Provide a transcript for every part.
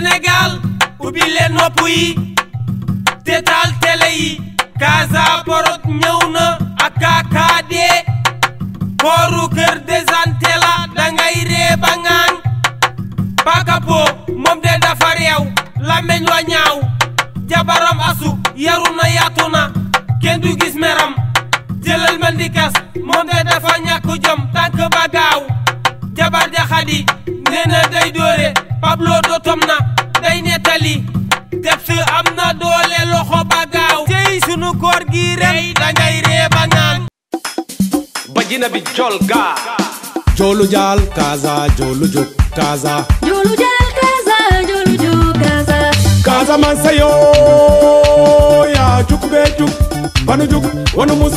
Sénégal ubbi leen nopp yi tetal télé yi Casa Porot ñëw na ak KKD kër desante la dangay ree ba ngaan Pakabo moom de dafa réew lameñ wa ñaaw jabaram asu yaru na yaatu na kenn du gis meram jëlal ma ndikas moom de dafa ñàkk jom tànk ba gaaw jabar ja nee na day dóore Pablo dotom na day nettali Debs am na doole loxo ba gaaw tey sunu koor gi ren dangay ree ba ngaan bajina bi jol gaa joolu jaal kaasa joolu jóg kaasa joolu jaal kaasa joolu jóg kaasa kaasa man sa yoo yaa jug bee jug banu jug wanu mus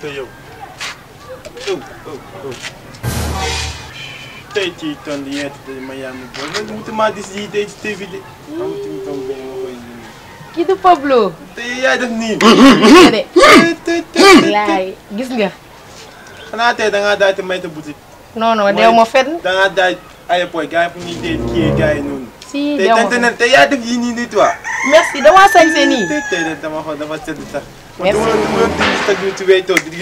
te yow ëw ëw ëw tey ci ton yeete da ma yàmm boo man wutuma gis yi tey ci TV de xamtim tom benn ma koy te yaay def nii laay gis nga xanaa tey dangaa daaj te may ta boutique non non deew ma fenn dangaa daaj aéroport gars yi fu ñuy dee kii gars yi noonu si deew ma fenn tey yaa def yii nii nii toi merci damaa sañse nii tey tey dama xool dafa sedd sax merci たグッズウェイトグッズウェイ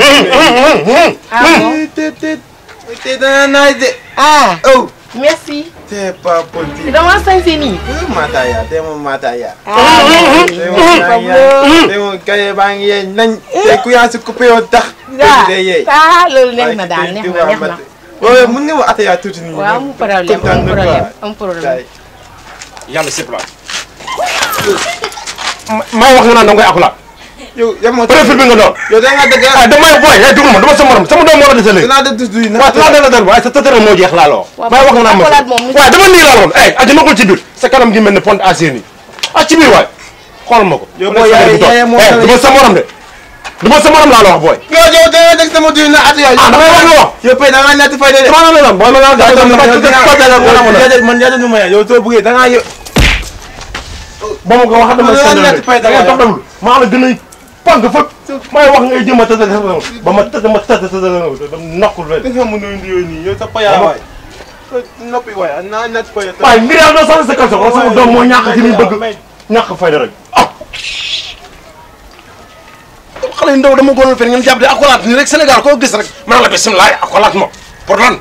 トあってててだないでああお Merci. T'es pas poli. Dans ma salle, c'est ni. Mataya, t'es mon mataya. T'es mon mataya. T'es mon kaye bangye. Nan, t'es kuya se couper au tak. Ah, lol, nek na dal, nek na nek na. Ouais, mun nga ataya tout ni. Ouais, mon c'est plat. Ma wax na nangoy akula. yow yow moo profil doon. yow da ngaa dëgg ah, ah damay booy eh duguma dama a morom sama doom moo la dese léegi. dinaa waaye sa tëtëral moo jeex laa la wax. waaw wax nga naan ma waaw dama nii laa la wax eh ma ko ci sa kanam gi mel ne pont à séen yi ah ci biir waay xool ma ko. yow booy eh, laa la booy. yow yow da ngaa dëgg sama tuuti na at yooyu. ah damay wax nga wax. yow Pay da ngaa ñetti fay de. dama la la booy ma la wax dama la yow man a pang fa may wax ngay jëm a tasa tasa ba ma tasa ma tasa tasa ba mu naqul rek. nga mu nuyu yooyu nii yow sa payaa waay. noppi waay ah, naa naaj paya. waaye mbir yaa doon sax sa kaw sax sama doom moo ñàkk ci muy bëgg ñàkk fayda rek ah. xale yu ndaw dama góoroon fenn ngeen jàpp de accolade nii rek Sénégal koo gis rek ma ne la bisimilah accolade moom pour lan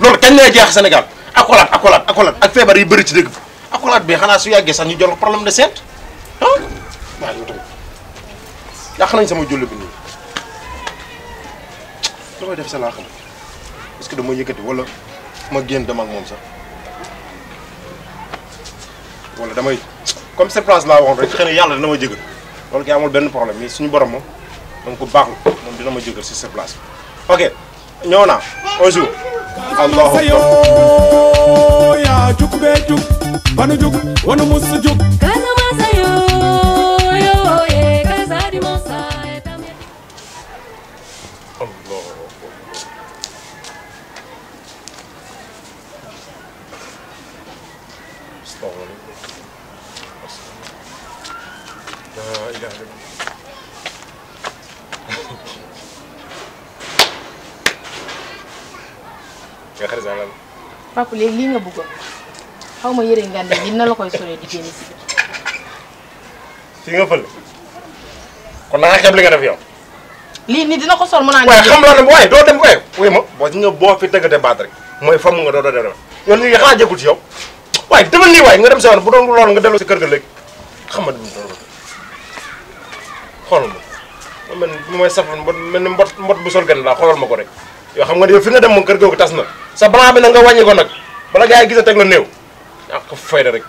loolu kañ lay jeex Sénégal accolade accolade accolade ak feebar yi bëri ci dëgg bi accolade bi xanaa su yàggee sax ñu jël problème de seet ah waaye yàq nañ sama julli bi ni. da koy def sa laa xam est-ce que dama yëkëti wala ma génn dama ak mom sax wala damay comme cette place laa waxoon rek xëy na yàlla dina ma jëgal loolu kay amul benn problème mais suñu borom moom dama ko baaxlu moom dina ma jëgal si cette place ok ñëw naa un jour allahu akbar yaa jug bee jug banu jug wanu mus jug ilah nga xarit sax lan. papa léegi lii nga bëggoon xaw ma yëre ngande gi na la koy solee di génn si biir. fii nga fël kon na nga xeeb li nga def yow. lii nii dina ko sol mën naa. waaye xam loo dem waaye doo dem waaye. wuyu ma boo si nga boo fi tëggatee baat rek mooy famu nga doo doo dem yow lii xanaa ci yow waaye demal nii waaye nga dem sa bu doon lool nga delloo si kër ga léegi xam nga. xoolal ma man bu may safal mbot mel ni mbot mbot sol solgan laa xoolal ma ko rek yoo xam nga ne yow fi nga dem moom kër googu tas na sa blanc bi na nga wàññi ko nag bala gaa gis a teg la néew ñaa ko fayda rek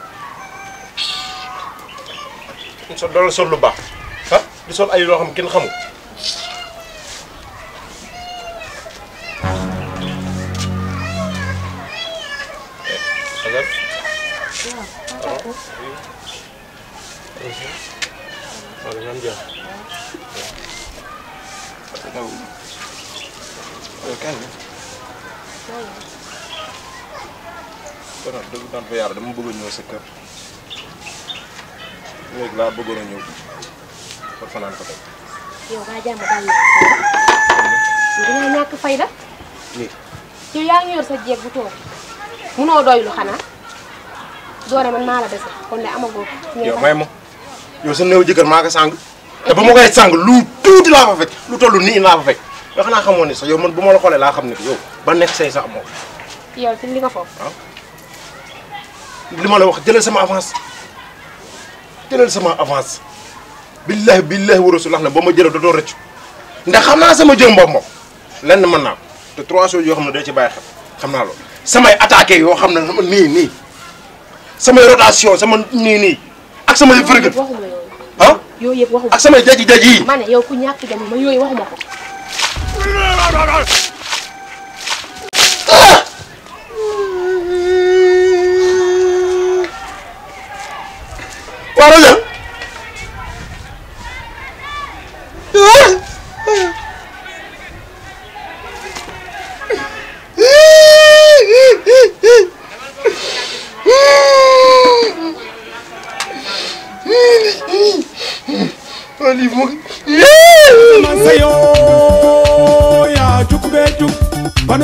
so dool sol lu baax ah du sol ay loo xam kenn xamul tontu yàlla dama bëgg a ñëw sa kër léegi a yaa ngi yor sa jéeg bu toog munoo doylu xanaa doone man maa la dese kon de amagoo ko. yow may ma yow sa néew jëkkër maa ko sàng. te ba ma koy sàng lu tuuti laa fa fekk lu toll nii laa fa fekk yoo xam naa xamoon ne sax yow man bu ma la xoolee laa xam ne yow ba nekk say sax amoo. yow ci li nga foofu. Ah. li ma la wax jëlal sama avance jëlal sama avance billahi billahi wa rasul ne boo ma jëlee dootoo rëcc ndax xam naa sama jëm bopp lenn mën naa te trois choses yoo xam ne day ci bàyyi xel xam naa loolu samay attaqué yoo xam ne nii nii samay rotation sama nii nii ak samay vërgët ah yooyu yëpp waxuma ak samay jaji jaji yi ma yow ku ñàkk jom ma yooyu waxuma ko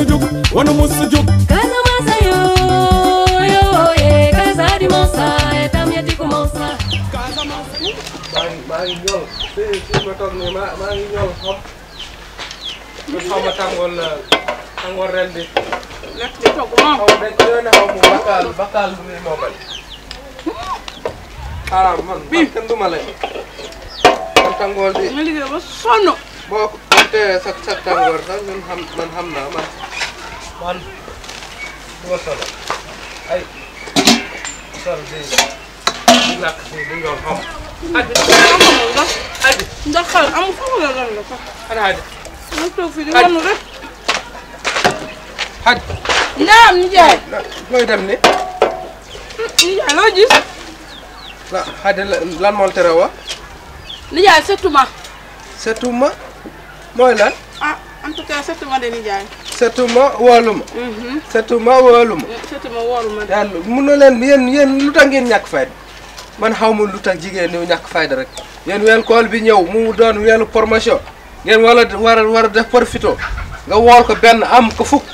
a jug wanu mus a jug Casamance yoo yoo yee Casa di Mansa et tam ya di commencer Casamance maa ngi ñëw fii fii ma toog nii maa maa ngi ñëw xob lu xaw ma tàngoor la tàngoor ren bi lekk di togg moom xaw dañ ñoo ne xaw mu bakkaal bakkaal bu muy moomal ah man man kenn du ma lay man tàngoor bi ma liggéey ba sonn boo compté sa sa tàngoor sax ñun xam man xam naa man man du ma sonal ay sol di di lakk fii di ñoom xaw ma. Adi la. Adi ndax foofu la lan la sax. ana Adi. nijaay. looy lan moo tere wa. nijaay seetuma. seetuma mooy lan. ah en de nijaay. setuma woolu ma. Mhm. setuma woolu ma. Eh, setuma woolu ma daal mënoo leen yéen yéen lu ngeen ñàkk fayda man xaw ma lu tax jigéen ñi ñàkk fayda rek yéen weeru kool bi ñëw mu doon weeru promotion ngeen wala war war a def profito nga wool ko benn am ko fukk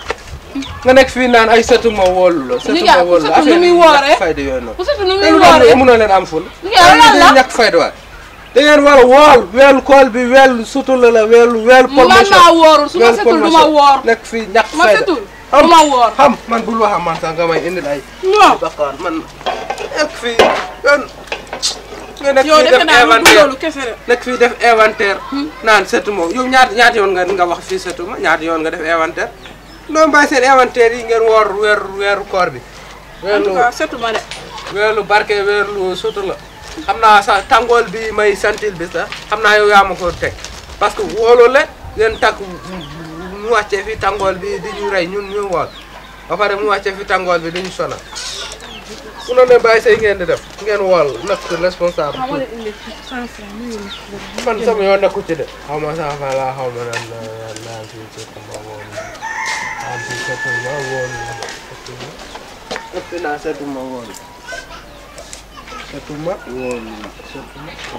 nga nekk fii naan ay setuma woolu la. setuma woolu la affaire yi ñàkk fayda yooyu noonu. bu setu leen am ful. ñàkk fayda waay. dengan wal wal a kol bi weelu sutul la weelu weelu promotion man maa woorul su ma setul du ma woor nekk fii ñàkk fayda ma setul du ma woor xam man bu lu wax man sax nga may indil ay non man ak fi ñen ñen nekk fi def inventaire nek fi def inventaire naan setuma yow ñaar ñaar yon nga nga wax fii setuma ñaar yon nga def inventaire lo mbay sen inventaire yi ngeen wor wer wer koor bi weelu setuma de weelu barke weelu sutul la xamna sa tangol bi may sentil bi sa xamna yow yaa ma ko teg parce que wolo le ngeen tak mu wacce fi tangol bi di ñu ray ñun ñu wol ba pare mu wacce fi tangol bi di ñu sona ku ne bay sey ngeen di def ngeen wol nak responsable. Ah, man sama nak ku ci de. xawma sa fa la xawma ma naan naan ci ci ma woon mau, fii ci mau, woon ëpp mau. Satu mak, dua Satu mak, dua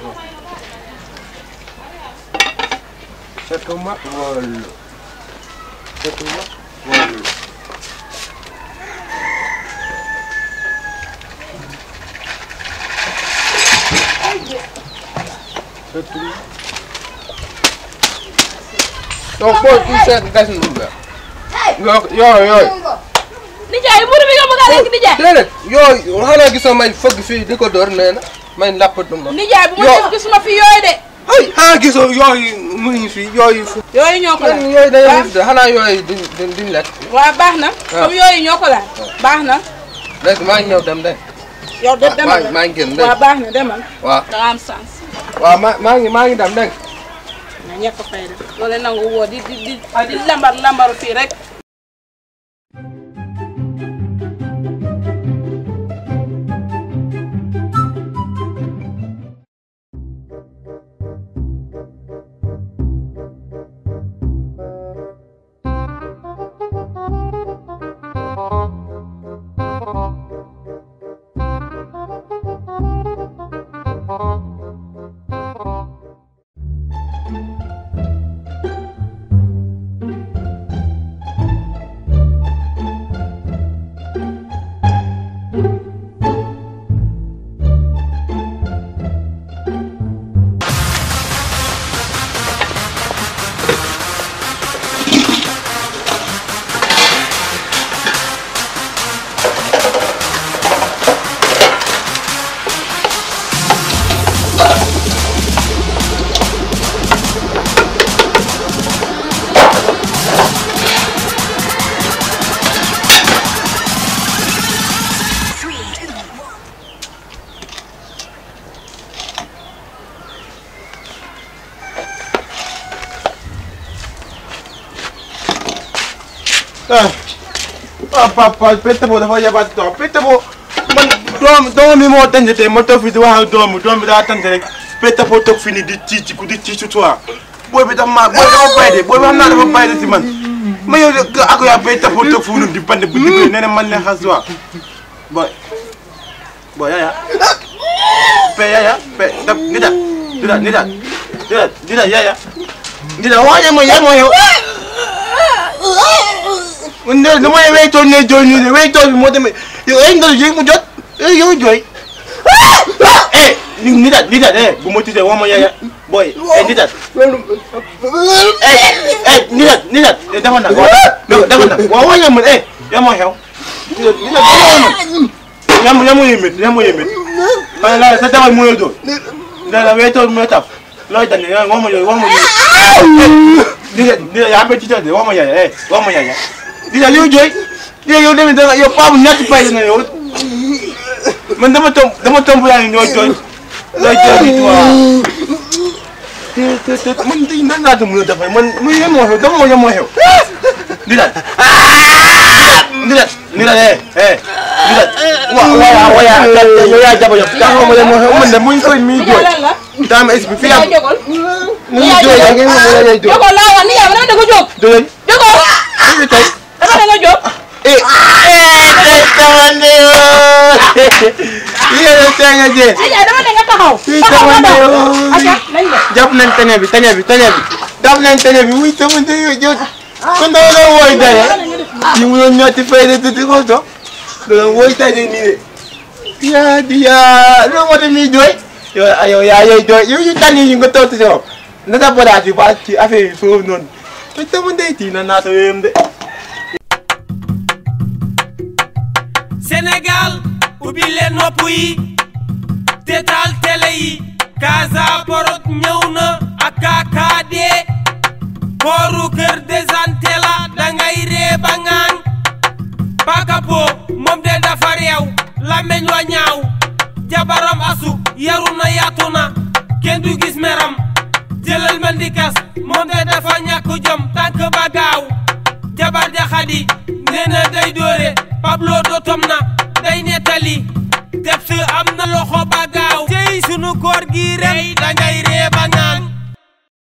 Satu mak, dua Satu mak, dua Satu mak. Toko, kisah, kasih juga. Yo, yo, yo. Ini jahit, la rek nijaay déedéet yooyu xanaa gisoo may fëgg fii di ko dóor nee na may làppatu ma nijaay bu ma def gisuma fi yooyu de ay xanaa gisoo yooyu mu ngi fi yooyu fi yooyu ñoo ko laal yooyu day baax na ah. comme yooyu ñoo ko laal ah. baax na léegi dem de yow de ah, demal maa ngi génn de waaw maa ngi maa ngi dem dégg nga nangu woo di di di di lambar fii rek Ah. ah papa perte boobu dafa yabaat trop perte boobu man moo tànn tey ma toog fii di wax ak doom bi doom bi daa tànn rek perte boobu toog fii nii di ci ci di ci ci toi booy bi dafa maa booy dafa bay de booy bi xam naa si man ma yow de ak yaa perte boobu toog fii nii di band bu digg nee na man leen xas a booy booy yaya pe yaya pe daf ni daal ni daal ni daal ni daal yaya ni daal waaye mooy yaay mooy yow. 근데 너무 왜 줬네 줬네 왜 줬네 뭐 때문에 이거 앵글 지금 줬 이거 줘에 니다 니다 에 뭐뭐 주세요 뭐 뭐야 boy 에 니다 에에 니다 니다 에 당한 나 당한 나 와와야 뭐에 야뭐 해요 니다 니다 야뭐 야뭐 예미 야뭐 예미 빨리 나 사다가 뭐 해도 나나왜 또 뭐다 nói tình này quá mà rồi quá mà rồi đi đi đi ăn bánh chích đi quá mà rồi quá mà rồi Dila liu joy. Dila yo demi dala yo pa mun nyati pai na yo. Man dama tom dama tom bula ni yo joy. Lai joy ni tua. Te te te man ti na na dum lu da pai man mu ye mo ho dam mo ye mo he. Dila. Dila dila eh eh. Dila. Wa wa ya wa ya ta ta yo ya ja ba yo. Ta mo ye mo he man da mu ko mi joy. Tam es bi fiam. Ni joy ya ngi mo ye joy. Jogo la wa ni ya na da ko joy. Joy. Jogo. Ni joy. naka la nga jóg. yéen tanga jéem. aywa dama ne nga taxaw. taxaw nga doon aywa nañ la. jàpp nañ tene bi tene bi tene bi. jàpp nañ tene bi muy sama ndeyoo jot. kon dama doon wooy nii de. yaa di yaa loo moo tax jooy. yow yaa yooyu jooy yow yu tànn yi nga toog ci sa bopp. na sa bodaat ba ci affaire yi foofu noonu. te sama ndey tii na naa sa de. Sénégal ubbi leen nopp yi tetal télé yi Casa Porot ñëw na ak KKD pooru Kër Desantel